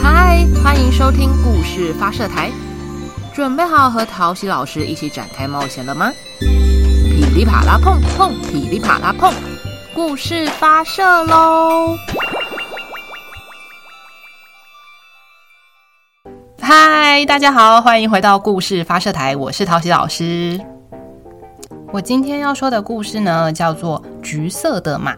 嗨，Hi, 歡迎收聽故事發射台，準備好和陶洗老師一起展開冒險了嗎？噼裡啪啦碰碰，噼裡啪啦碰，故事發射嘍！嗨，大家好，歡迎回到故事發射台，我是陶洗老師。我今天要說的故事呢，叫做《橘色的馬》，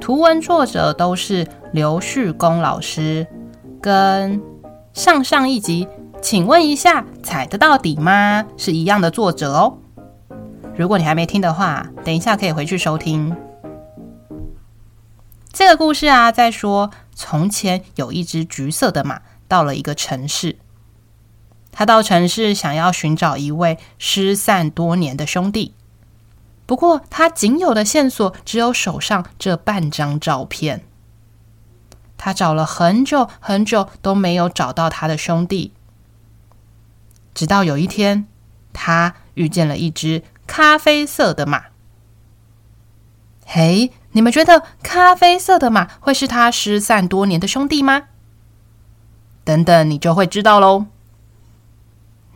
圖文作者都是。劉旭恭老師跟上上一集，請問一下，《踩得到底嗎》是一樣的作者哦。如果你還沒聽的話，等一下可以回去收聽。這個故事啊，在說從前有一隻橘色的馬，到了一個城市。他到城市想要尋找一位失散多年的兄弟，不過他僅有的線索只有手上這半張照片。他找了很久很久都沒有找到他的兄弟，直到有一天，他遇見了一隻咖啡色的馬。嘿，你們覺得咖啡色的馬會是他失散多年的兄弟嗎？等等，你就會知道嘍。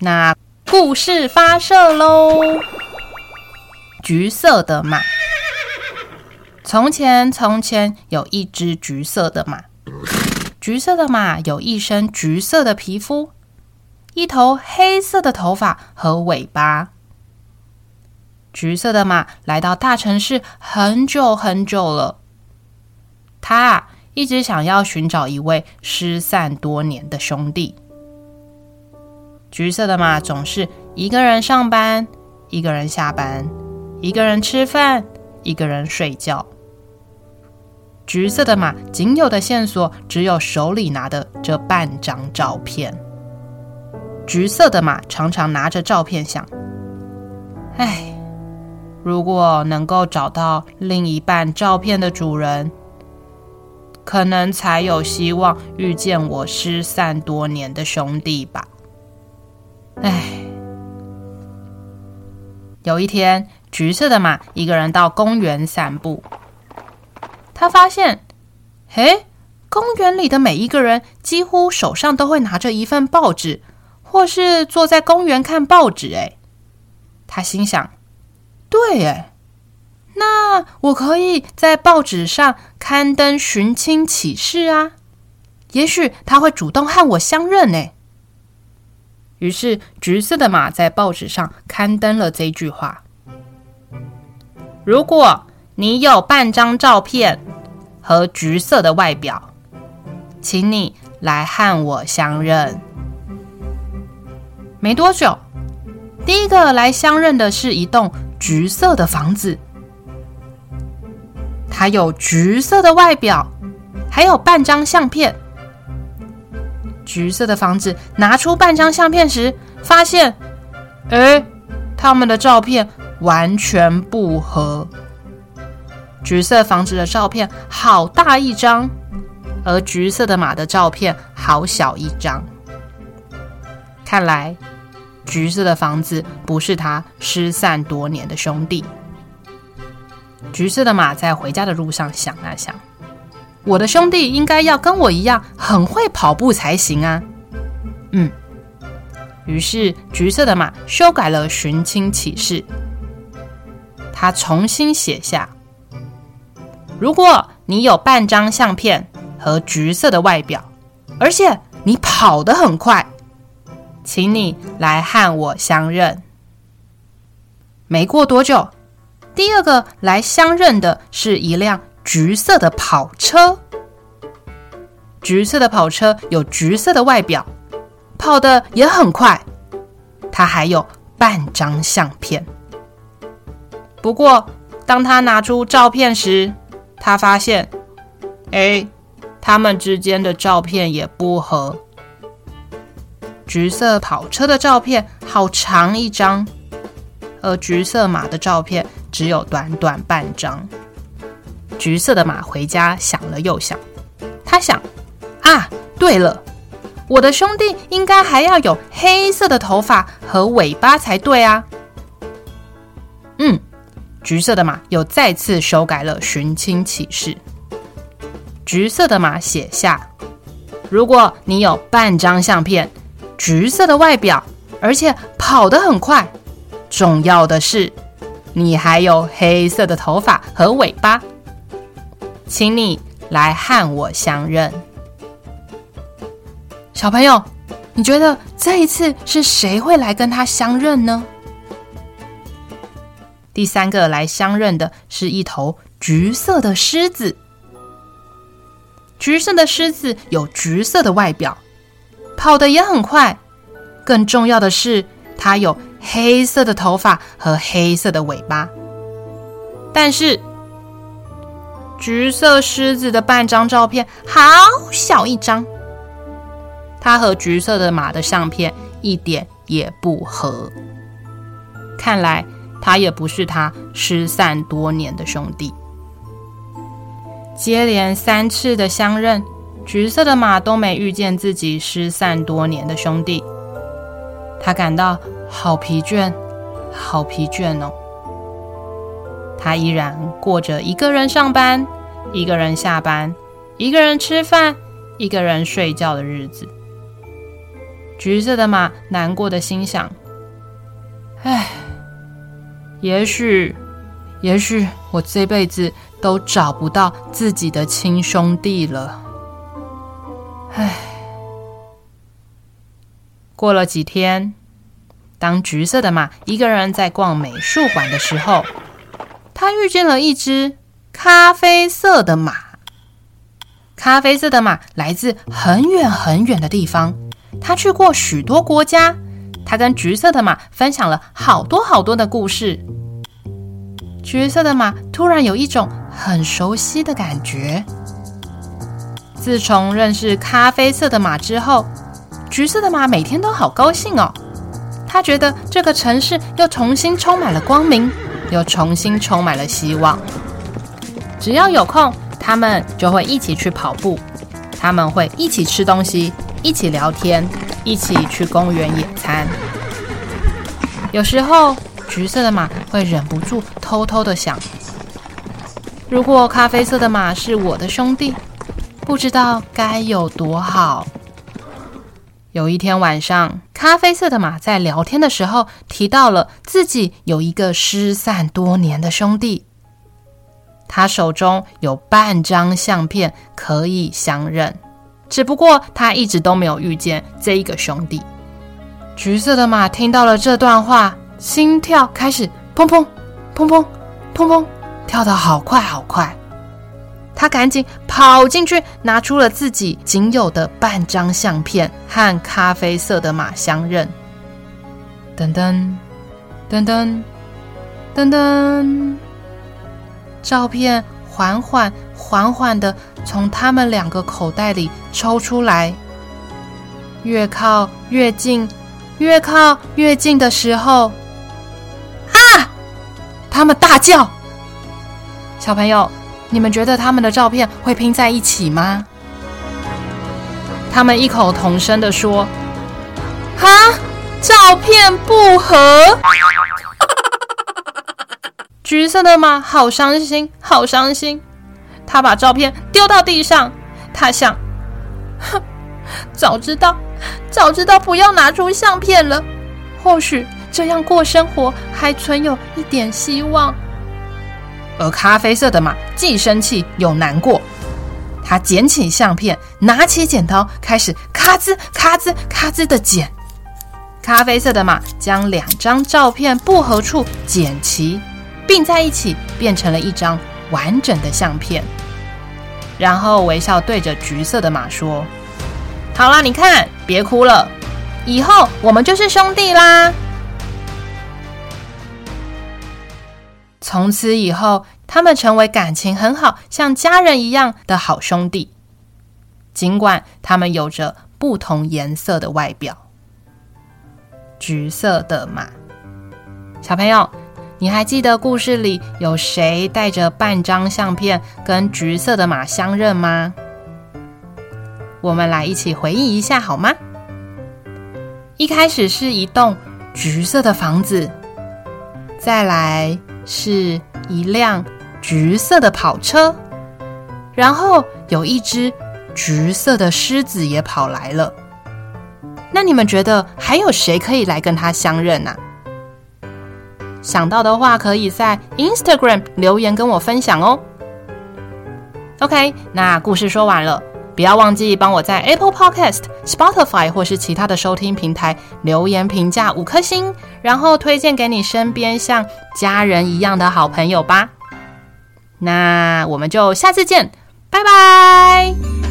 那故事發射嘍！橘色的馬。從前，從前有一隻橘色的馬。橘色的馬有一身橘色的皮膚，一頭黑色的頭髮和尾巴。橘色的馬來到大城市很久很久了，他一直想要尋找一位失散多年的兄弟。橘色的馬總是一個人上班，一個人下班，一個人吃飯，一個人睡覺。橘色的馬僅有的線索只有手裡拿的這半張照片。橘色的馬常常拿着照片想：“哎，如果能夠找到另一半照片的主人，可能才有希望遇見我失散多年的兄弟吧。”哎，有一天，橘色的馬一個人到公園散步。他發現，嘿，公園裡的每一個人幾乎手上都會拿着一份報紙，或是坐在公園看報紙。哎，他心想：對，哎，那我可以在報紙上刊登尋親啟事啊，也許他會主動和我相認呢。於是，橘色的馬在報紙上刊登了這句話：如果。你有半張照片和橘色的外表，請你來和我相認。沒多久，第一個來相認的是一棟橘色的房子，它有橘色的外表，還有半張相片。橘色的房子拿出半張相片時，發現，欸，他們的照片完全不合。橘色房子的照片好大一張，而橘色的馬的照片好小一張。看來，橘色的房子不是他失散多年的兄弟。橘色的馬在回家的路上想啊想，我的兄弟應該要跟我一樣很會跑步才行啊。嗯，於是橘色的馬修改了尋親啟事，他重新寫下。如果你有半張相片和橘色的外表，而且你跑得很快，請你來和我相認。沒過多久，第二個來相認的是一輛橘色的跑車。橘色的跑車有橘色的外表，跑得也很快，它還有半張相片。不過，當他拿出照片時，他發現，哎，他們之間的照片也不合。橘色跑車的照片好長一張，而橘色馬的照片只有短短半張。橘色的馬回家想了又想，他想，啊，對了，我的兄弟應該還要有黑色的頭髮和尾巴才對啊。橘色的馬又再次修改了尋親啟事。橘色的馬寫下：“如果你有半張相片，橘色的外表，而且跑得很快，重要的是，你還有黑色的頭髮和尾巴，請你來和我相認。”小朋友，你覺得這一次是誰會來跟他相認呢？第三個來相認的是一頭橘色的獅子。橘色的獅子有橘色的外表，跑得也很快。更重要的是，它有黑色的頭髮和黑色的尾巴。但是，橘色獅子的半張照片好小一張，它和橘色的馬的相片一點也不合。看來。他也不是他失散多年的兄弟。接連三次的相認，橘色的馬都沒遇見自己失散多年的兄弟。他感到好疲倦，好疲倦哦。他依然過着一個人上班、一個人下班、一個人吃飯、一個人睡覺的日子。橘色的馬難過地心想：“唉。”也許，也許我這輩子都找不到自己的親兄弟了。唉，過了幾天，當橘色的馬一個人在逛美術館的時候，他遇見了一隻咖啡色的馬。咖啡色的馬來自很遠很遠的地方，他去過許多國家。他跟橘色的馬分享了好多好多的故事。橘色的馬突然有一種很熟悉的感覺。自從認識咖啡色的馬之後，橘色的馬每天都好高興哦。他覺得這個城市又重新充滿了光明，又重新充滿了希望。只要有空，他們就會一起去跑步，他們會一起吃東西，一起聊天。一起去公園野餐。有時候，橘色的馬會忍不住偷偷的想：如果咖啡色的馬是我的兄弟，不知道該有多好。有一天晚上，咖啡色的馬在聊天的時候提到了自己有一個失散多年的兄弟，他手中有半張相片可以相認。只不過他一直都沒有遇見這一個兄弟。橘色的馬聽到了這段話，心跳開始砰砰砰砰砰砰跳得好快好快。他趕緊跑進去，拿出了自己僅有的半張相片和咖啡色的馬相認。噔噔噔噔噔噔，照片。.緩緩緩緩的從他們兩個口袋裡抽出來，越靠越近，越靠越近的時候，啊！他們大叫：“小朋友，你們覺得他們的照片會拼在一起嗎？”他們異口同聲的說：“啊，照片不合。”橘色的馬好傷心，好傷心。他把照片丟到地上，他想：哼，早知道，早知道不要拿出相片了。或許這樣過生活還存有一點希望。而咖啡色的馬既生氣又難過，他撿起相片，拿起剪刀，開始咔吱咔吱咔吱的剪。咖啡色的馬將兩張照片不合處剪齊。併在一起，變成了一張完整的相片。然後微笑對着橘色的馬說：“好啦，你看，別哭了，以後我們就是兄弟啦。”從此以後，他們成為感情很好、像家人一樣的好兄弟。儘管他們有着不同顏色的外表，橘色的馬，小朋友。你還記得故事裡有誰帶着半張相片跟橘色的馬相認嗎？我們來一起回憶一下好嗎？一開始是一棟橘色的房子，再來是一輛橘色的跑車，然後有一隻橘色的獅子也跑來了。那你們覺得還有誰可以來跟他相認呢？啊？想到的話，可以在 Instagram 留言跟我分享哦。OK，那故事說完了，不要忘記幫我，在 Apple Podcast、Spotify 或是其他的收聽平台留言評價五顆星，然後推薦給你身邊像家人一樣的好朋友吧。那我們就下次見，拜拜。